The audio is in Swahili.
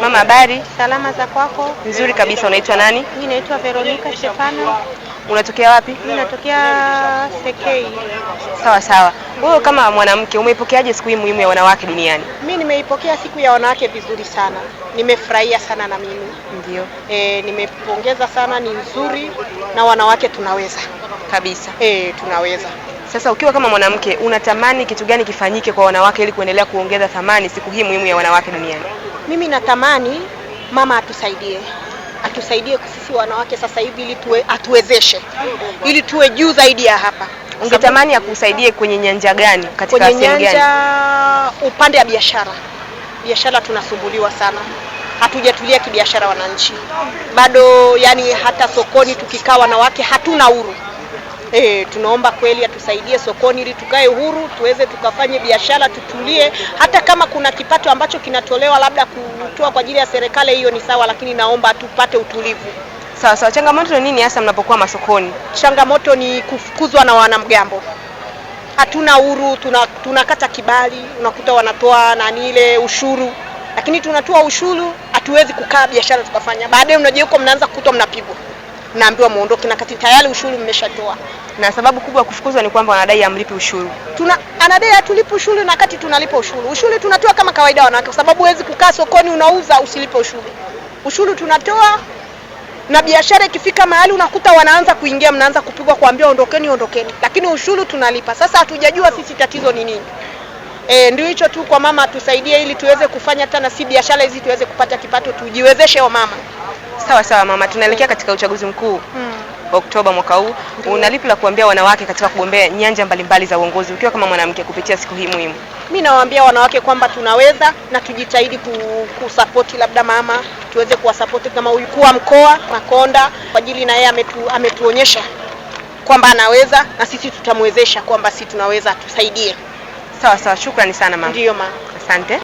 Mama, habari? Salama za kwako? Nzuri kabisa. Unaitwa nani? Mimi naitwa Veronica Stefano. Unatokea wapi? Mimi natokea Sekei. Sawa sawa. Wewe kama mwanamke umeipokeaje siku hii muhimu ya wanawake duniani? Mimi nimeipokea siku ya wanawake vizuri sana, nimefurahia sana na mimi ndio e, nimepongeza sana, ni nzuri na wanawake tunaweza kabisa e, tunaweza sasa ukiwa kama mwanamke unatamani kitu gani kifanyike kwa wanawake ili kuendelea kuongeza thamani siku hii muhimu ya wanawake duniani? Mimi natamani mama atusaidie, atusaidie sisi wanawake sasa hivi, ili tuwe atuwezeshe, ili tuwe juu zaidi ya hapa. Ungetamani akusaidie kwenye nyanja gani? Katika kwenye nyanja upande wa biashara, biashara tunasumbuliwa sana hatujatulia kibiashara wananchi bado, yani hata sokoni tukikaa wanawake hatuna huru. E, tunaomba kweli atusaidie sokoni ili tukae huru tuweze tukafanye biashara tutulie. Hata kama kuna kipato ambacho kinatolewa labda kutoa kwa ajili ya serikali, hiyo ni sawa, lakini naomba tupate utulivu. Sawa sawa. Changamoto ni nini hasa mnapokuwa masokoni? Changamoto ni kufukuzwa na wanamgambo hatuna huru, tunakata tuna kibali, unakuta wanatoa nani ile ushuru, lakini tunatoa ushuru, hatuwezi kukaa biashara tukafanya, baadaye unaje huko mnaanza kukutwa mnapigwa naambiwa muondoke, na kati tayari ushuru mmeshatoa. Na sababu kubwa ya kufukuzwa ni kwamba wanadai amlipi ushuru. Tuna anadai hatulipi ushuru, na kati tunalipa ushuru. Ushuru tunatoa kama kawaida wanawake, kwa sababu huwezi kukaa sokoni unauza usilipe ushuru. Ushuru tunatoa na biashara ikifika mahali unakuta wanaanza kuingia, mnaanza kupigwa kuambia ondokeni, ondokeni, lakini ushuru tunalipa. Sasa hatujajua sisi tatizo ni nini. E, ndio hicho tu, kwa mama tusaidie ili tuweze kufanya tena si biashara hizi tuweze kupata kipato, tujiwezeshe wamama. Sawa sawa mama, tunaelekea katika uchaguzi mkuu mm. Oktoba mwaka huu mm. Una lipi la kuambia wanawake katika kugombea nyanja mbalimbali za uongozi ukiwa kama mwanamke kupitia siku hii muhimu? Mimi nawaambia wanawake kwamba tunaweza na tujitahidi kusapoti labda mama, tuweze kuwasapoti kama huyu kuwa mkoa Makonda kwa ajili na yeye ametu, ametuonyesha kwamba anaweza na sisi tutamwezesha kwamba si tunaweza, tusaidie. Sawa sawa, shukrani sana mama. Ndio mama, asante.